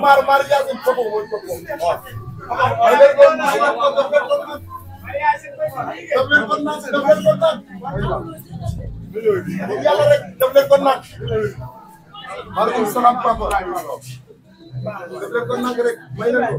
Mar Mar Yasin, por favor, por favor. yàlla rek daf leen ko nag maaleykum salaam papa daf leen ko nag rek may leen ko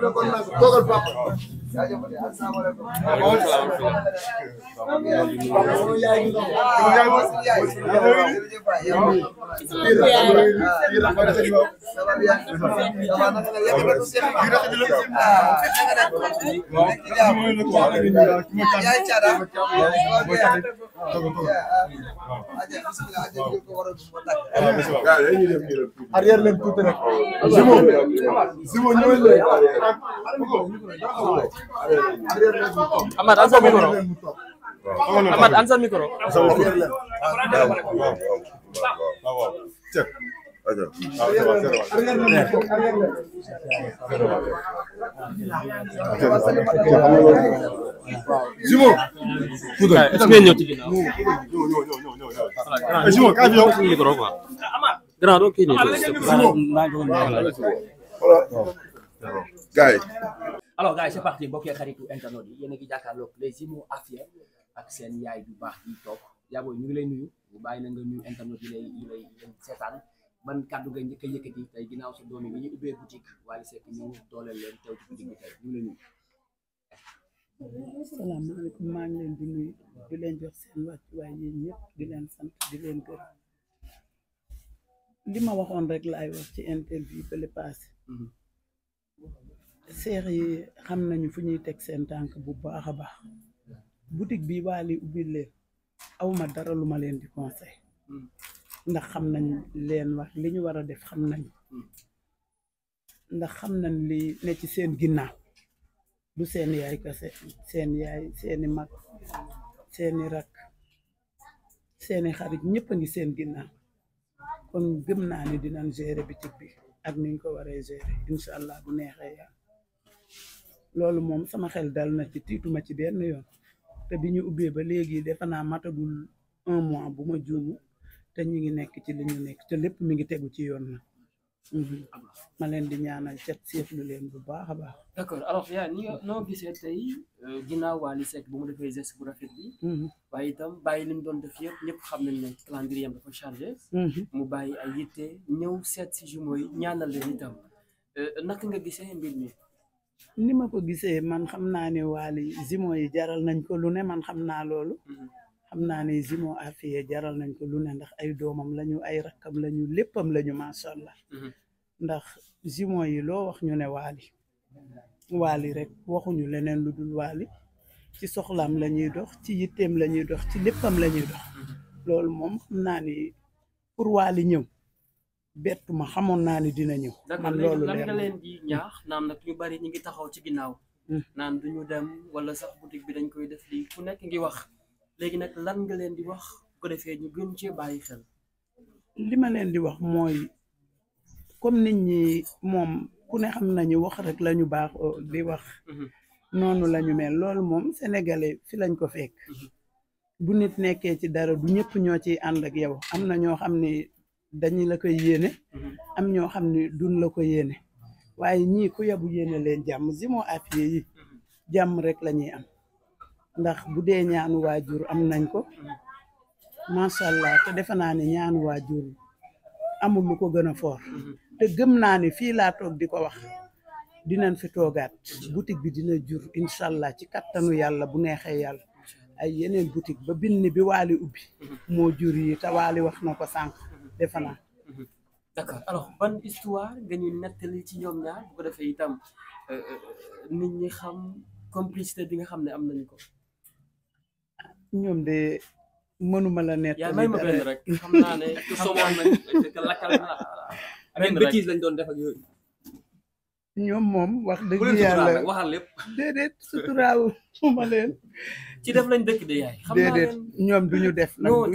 daf leen ko nag toogal papa arrière leen tuuti rek. Zimo Zimo ñëwal leen Amad ansal micro Amad ansal micro Jimo Jimo alors gars yi c'est parti mbokk xaritu internet yi yéen a ngi jàkkaarloog les Imo Afia ak seen yaay bu baax di toog yaa booy ñu ngi lay nuyu bu bàyyi la nga nuyu internet yi lay yi seetaan ban kàddu nga njëkk a yëkkati tey ginnaaw sa doom yi ñu ubbee boutique Wally Seck ñëw dooleel leen teew ci boutique bi ñu lay nuyu. salaamaaleykum maa ngi leen di nuyu di leen jox seen wàccuwaay yéen ñëpp di leen sant di leen gërëm li ma waxoon rek laay wax ci interview bële paase. Mm-hmm. seex yi xam nañu fu ñuy teg seen tànk bu baax a baax butik bi waali ubbi leen awma dara lu ma leen di conseil ndax xam nañ leen wax li ñu war a def xam nañ ndax xam nañ li ne ci seen ginnaaw du seen yaay kese seen yaay seeni mag seeni rak seeni xarit ñépp a ngi seen ginnaaw kon gëm naa ni dinañ gérer bitik bi ak niñ ko waree gérer incha allah bu neexee yaa loolu moom sama xel dal na ci tiituma ci benn yoon te bi ñu ubbee ba léegi defe naa matagul un mois bu ma juumu te ñu ngi nekk ci li ñu nekk te lépp mi ngi tegu ci yoon na mhm. ma leen di ñaanal cet seetlu leen bu baax a baax. d'accord alors yaa ni noo gisee tey euh, ginnaaw Wally Seck bu mu defee geste bu rafet bi. Mhm. waaye itam bàyyi li mu doon def yëpp ñëpp xam nañ ne calendrier am dafa chargé. Mhm. mu bàyyi ay yitte ñëw seet si jumeaux yi ñaanal leen itam euh, naka nga gisee mbir mi. ni ma ko gisee man xam naa ne waali zimo yi jaral nañ ko lu ne man xam naa loolu mm-hmm. xam naa ni zimo afiye jaral nañ ko lu ne ndax ay doomam lañu ay rakkam lañu léppam lañu masha Allah mm-hmm. ndax zimo yi loo wax ñu ne waali waali rek waxuñu leneen lu dul waali ci soxlaam la ñuy dox ci yitteem la ñuy dox ci léppam la dox mm-hmm. loolu moom xam naa ni pour waali ñëw bettu ma xamoon naa ni dina ñëw. man loolu lan nga leen di ñaax naan nag ñu bari ñu ngi taxaw ci ginnaaw. Hmm. naan du dem wala sax boutique bi dañ koy def lii ku nekk ngi wax léegi nag lan nga leen di wax ko defee ñu gën cee bàyyi xel. li ma leen di wax mooy comme nit ñi moom ku ne xam nañu wax rek la ñu baax oh, di wax. Mhm. noonu la ñu mel loolu moom sénégalais fi lañ ko fekk. Mhm. bu nit nekkee ci dara du ñëpp ñoo ciy ànd ak yow am na ñoo xam ni. dañu la koy yéene mm-hmm. am ñoo xam ne duñ la ko yéene waaye ñii ku yabu yéene leen jàmm Zimo Afia yi mm-hmm. jàmm rek lañuy am ndax bu dee ñaanu waajur am nañ ko mm-hmm. macha allah te defe naa ne ñaanu waajur amul lu ko gën a foor te gëm naa ne fii laa toog di ko wax dinañ fi toogaat boutique bi dina jur incha allah ci kattanu yàlla bu neexee yàlla ay yeneen boutique ba bind bi waali ubbi moo jur yi te waali wax na ko sànq defe naa. d'accord alors ban histoire nga ñu nettali ci ñoom ñaar bu ko defee itam euh, euh, nit ñi xam complicité bi nga xam ne am nañu ko. ñoom de mënuma la nettali. yaa may ma benn rek xam ne somoon nañ lakkal na lañ doon def ak ñoom moom wax dëgg yàlla waxal lépp déedéet suturaawu ma leen. ci def lañ dëkk de yaay. ñu def. non def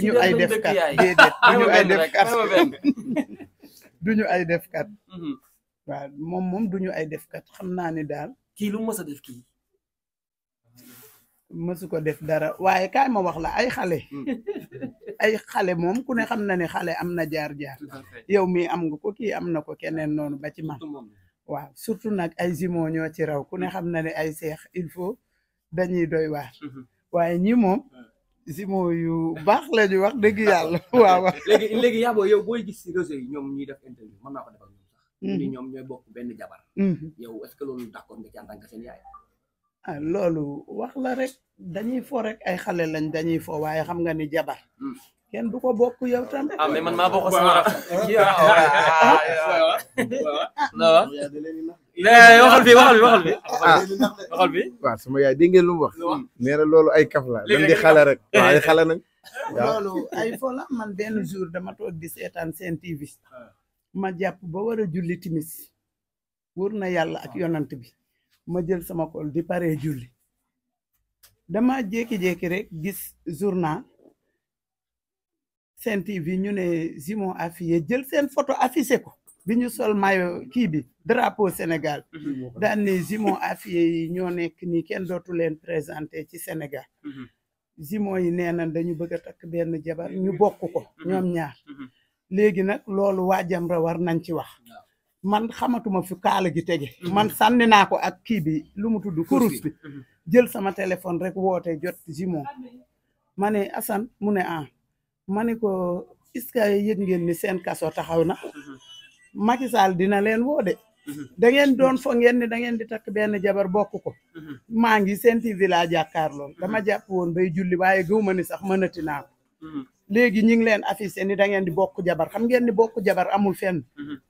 du ñu ay def kat mhm. du ñu ay defkat kat. waaw du ñu ay defkat xam naa ne daal. kii lu mës a def dara waaye kaay ma wax la ay xale. Mm. ay xale moom ku ne xam na ne xale am na jaar jaar. yow mii am nga ko ki am na ko keneen noonu ba ci waaw surtout nag ay jumeaux ñoo ci raw ku ne mm. xam na ne ay seex il faut dañuy doy waar. Mhm. waaye ñi moom jumeaux yu baax la ñu wax dëgg yàlla waaw léegi léegi yow booy gis yi ñoom ñuy def interview mën naa mm-hmm. mm-hmm. yow est-ce que loolu d'accord nga ah, rek dañuy fo rek ay xale lañ dañuy fo waaye xam nga ni jabar mm. kenn du ko bokk yow tam. ah man maa bokk sama rafet. waxal bi waxal bi waxal ah. sama yaay dégg ngeen lu mu wax loolu ay kaf la di xala rek waaw ay xala nag ay fo man benn jour dama toog di seetaan ah. ma jàpp ba war a julli timis wur na yàlla ak ah. yonant bi ma jël sama kool di paree julli dama jékki-jékki rek gis journal seen TV ñu ne Simon Affié jël seen photo affiché ko bi ñu sol mayo kii bi drapeau Sénégal mhm. daan ne jumeau Afia yi ñoo nekk nii kenn dootu leen présenté ci Sénégal jumeau mhm. yi nee na dañu bëgg a takk benn jabar ñu mhm. bokk ko ñoom ñaar léegi nag loolu waa Jamra war nañ ci wax man xamatuma fi kaala gi tege man sànni naa ko ak kii bi lu mu tudd kurus bi sama téléphone rek woote jot jumeau ma ne Assane mu ne ah ma ne ko ce que yëg ngeen ni seen kaso taxaw na Macky Sall dina leen wo de. Mhm. da ngeen doon fo ngeen ne da ngeen di takk benn jabar bokku ko. Mhm. maa ngi Sen TV laa jàkkaarloo. Mhm. dama jàpp woon bay julli waaye gëw ma ni sax mënati naa ko. léegi ñu ngi leen affiché ni da ngeen di bokk jabar xam ngeen ni bokk jabar amul fen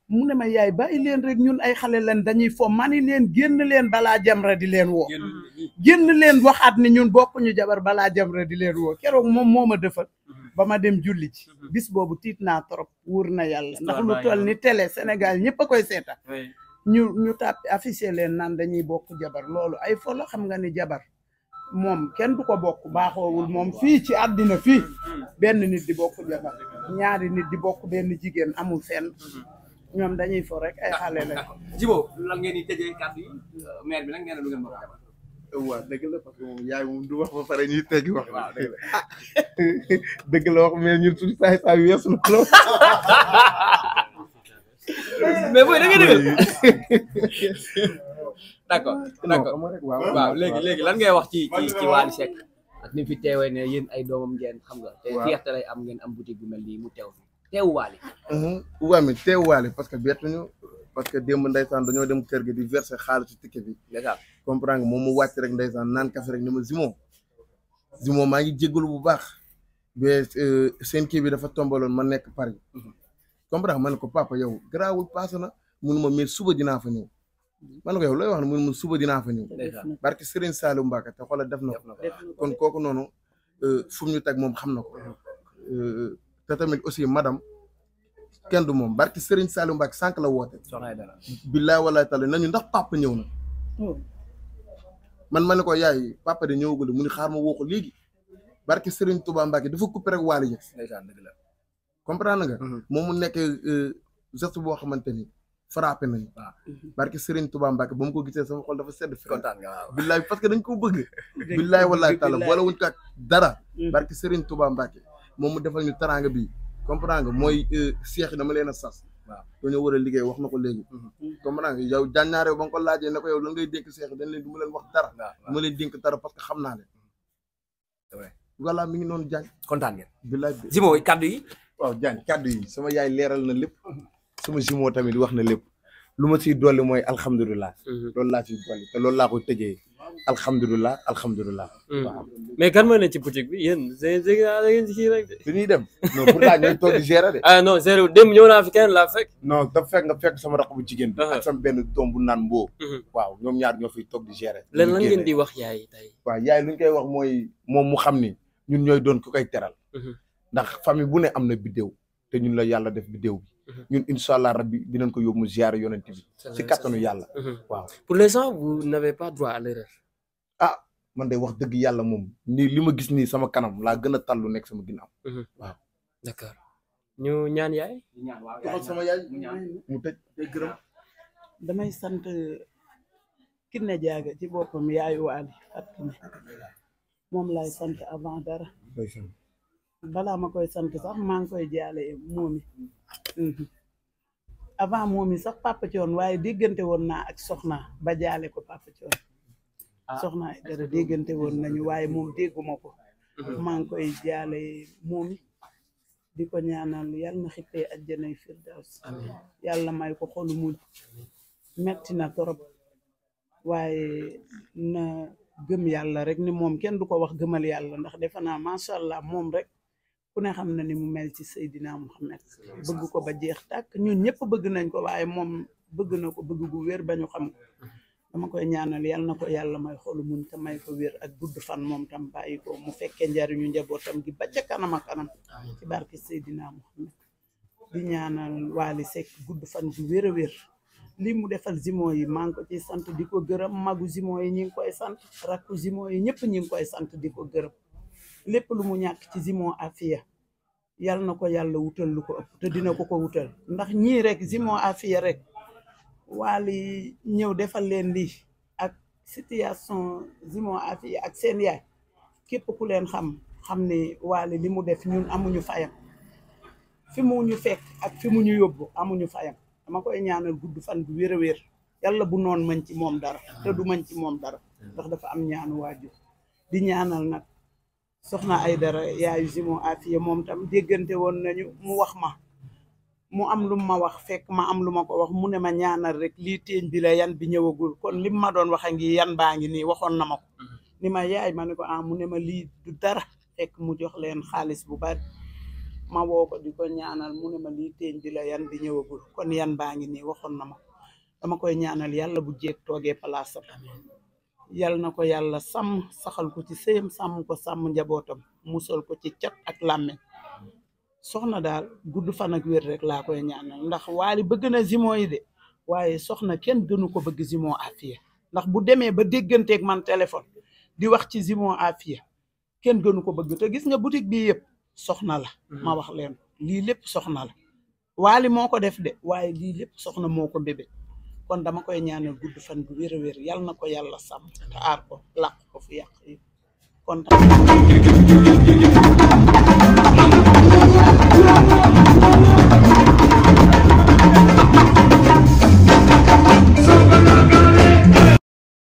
mu ne ma yaay bàyyi leen rek ñun ay xale lan dañuy fo mani leen génn leen balaa Jamra di leen woo. génn leen waxaat ni ñun bokkuñu jabar balaa Jamra di leen woo keroog moom moo ma dëfal. ba ma dem julli ci mhm. bis boobu tiit naa trop wur na yàlla ndax lu toll ni télé Sénégal ñëpp a koy seetaan ñu ñu tàpp affiché leen naan dañuy bokk jabar loolu ay folo xam nga ni jabar moom kenn du ko bokk baaxoowul moom fii ci àddina fii mhm. benn nit di bokk jabar ñaari nit di bokk benn jigéen amul fenn mhm. ñoom dañuy fo rek ay xale lañ ko ah, jibo lan ngeen di tëjee kàddu yi euh, bi nag nee na du ngeen waaw dëgg la parce que moom yaay moom wax ba pare ñuy teggi wax. Ah. wax mais ñun suñu saay da nga dëggal. waaw léegi léegi lan ngay wax ci ci ci Wally Seck ak ni fi teewee ne yéen ay doomam ngeen xam nga. te fierté lay am ngeen am boutique bu mel nii mu teew teew Wally. Uh-huh. waaw mais teew Wally parce que bettuñu parce que démb ndeysaan dañoo dem kër gi di verser xaalisu ticket bi. comprendre moom mu wàcc rek ndeysaan naan kafe rek ne ma Zimo Zimo maa ngi jéggalu bu baax mais euh, seen kii bi dafa tombaloon ma nekk Paris comprendre ma ne ko papa yow garaawul paase na munuma mais suba dinaa fa ñëw ma ko yow looy wax ne mun ma suba dinaa fa ñëw barke Serigne Saliou Mbacke te xoolal def na ko kon kooku noonu euh, fu ñu teg moom xam na ko euh, tamit aussi madame kenn du moom barke Serigne Saliou Mbacke sànq la woote billaay walaay tala nañu ndax papa ñëw na oh. man ma ne ko yaay papa de ñëwagul mu ni xaar ma woo ko léegi barke Serigne Touba Mbacke dafa coupé rek waale ji. dëgg la comprendre nga. Mhm. moom mu nekk euh, geste boo xamante ni frappé nañu. waaw barke Serigne Touba Mbacke ba mu ko gisee sama xol dafa sedd. kontaan nga waaw billaay parce que koo bëgg. billaay wallaay taala boole wuñ ko ak dara. Mhm. barke Serigne Touba Mbacke moom mu defal ñu teraanga bi comprendre nga mooy seex euh, dama leen a sas. waaw dañoo war a liggéey wax na ko léegi mhm. comme naa yow jànnaare ba nga ko laajee ne ko yow lan ngay dénk seex dañ leen du ma leen wax dara du ma leen dénk dara parce que xam naa leen mhm. voilà mi ngi noonu Diagne kontaan ngeen bilaay bi Zimo kaddu yi waaw Diagne kaddu yi sama yaay leeral na lépp mhm. sama Zimo tamit wax na lépp lu ma siy dolli mooy alhamdulilah loolu laa siy dolli te loolu laa koy tegee alhamdulilah alhamdulilah. Hmm. waaw mais kan mooy ne ci boutique bi yéen seen de. su ñuy dem non de. ah non gérer dem ñëw naa fi kenn laa fekk. non bu uh-huh. benn doom bu naan boo uh-huh. waaw ñoom ñaar ñoo fiy toog di gérer. lan lan ngeen di wax yaay tey. waaw yaay lu ñu koy wax mooy moom mu xam ni ñun ñooy doon ku koy teral. Uh-huh. ndax famille bu ne am na biddéew te ñun la yàlla def biddéew bi. ñun incha allah rabbi dinañ ko yóbbu mu ziare yonent bi. si kattanu yàlla. waaw pour l'instant vous n'avez pas droit à l'erreur ah man de wax dëgg yàlla moom nii li ma gis nii sama kanam laa gën a tallu nekk sama ginnaaw. Mhm. waaw d'accord ñu ñaan yaay. ñaan sama yaay mu tëj damay sant euh, Kiné Diaga ci boppam yaayu waali ak moom laay sant avant dara. balaa ma koy sant sax maa ngi koy jaale moomi mhm. avant moomi sax Papa Thione waaye diggante woon naa ak soxna ba jaale ko Papa Thione Ah, soxna ay dara déggante woon nañu waaye moom dégguma ko mhm. maa ngi koy jaale moom di ko ñaanal yàlla na xippee ajjanay firdaws yàlla may ko xolu mu metti na torop waaye na gëm yàlla rek ni moom kenn du ko wax gëmal yàlla ndax defe naa macha allah moom rek ku ne xam na ni mu mel ci Seydina Muhammad bëgg ko ba jeex tàkk ñun ñëpp bëgg nañ ko waaye moom bëgg na ko bëgg bu wér ba ñu xam ko mhm. dama koy ñaanal yal na ko yàlla may xolu muñ te may ko wér ak gudd fan moom tam bàyyi ko mu fekkee njariñu njabootam gi ba ca kanam ak kanam ci barke Seydina Muhammad di ñaanal Waly Seck gudd fan gi wér wér li mu defal zimo yi maa sant di ko gërëm magu zimo yi ñi ngi koy sant rakku zimo yi ñëpp ñi ngi koy sant di ko gërëm lépp lu mu ñàkk ci zimo afiya yal na ko yàlla wutal lu ko te dina ko ko wutal ndax ñii rek zimo afiya rek Wally ñëw defal leen lii ak situation simon Afi ak seen yaay képp ku leen xam xam ni Wally li mu def ñun amuñu fayam fi mu ñu ak fi mu ñu yóbbu amuñu fayam dama koy ñaanal gudd fan bu wér a wér yàlla bu noon mën ci moom dara te du mën ci moom dara ndax dafa am ñaanu waajur di ñaanal nag soxna ay dara yayu Zimon Afi moom tam déggante woon nañu mu wax ma mu am lu ma wax fekk ma am lu ma ko wax mu ne ma ñaanal rek li téeñ bila yan bi ñëwagul kon lim ma doon wax ngi yan baa ngi nii waxoon na ma mhm. ni ma yaay ma ne ko ah mu ne ma lii du dara fekk mu jox leen xaalis bu bari ma ko ko ñaanal mu ne ma lii téeñ bi la yan bi ñëwagul kon yan baa ngi nii waxoon na ma dama koy ñaanal yàlla bu jeeg toogee palaasam yal na ko yàlla sàmm saxal ko ci sëyam sàmm ko sàmm njabootam musal ko ci cat ak làmmeñ soxna daal gudd fan ak wér rek laa koy ñaanal ndax waali bëgg na Zimon yi de waaye soxna kenn gënu ko bëgg Zimon Afia ndax bu demee ba dégganteeg man téléphone di wax ci simon Afia kenn gënu ko bëgg te gis nga boutique bi yëpp soxna la. Mm-hmm. ma wax leen lii lépp soxna la. waali moo ko def de waaye lii lépp soxna moo ko bébé kon dama koy ñaanal gudd fan bu wér a wér na ko yàlla sàmm te aar ko làq ko yàq Thank you.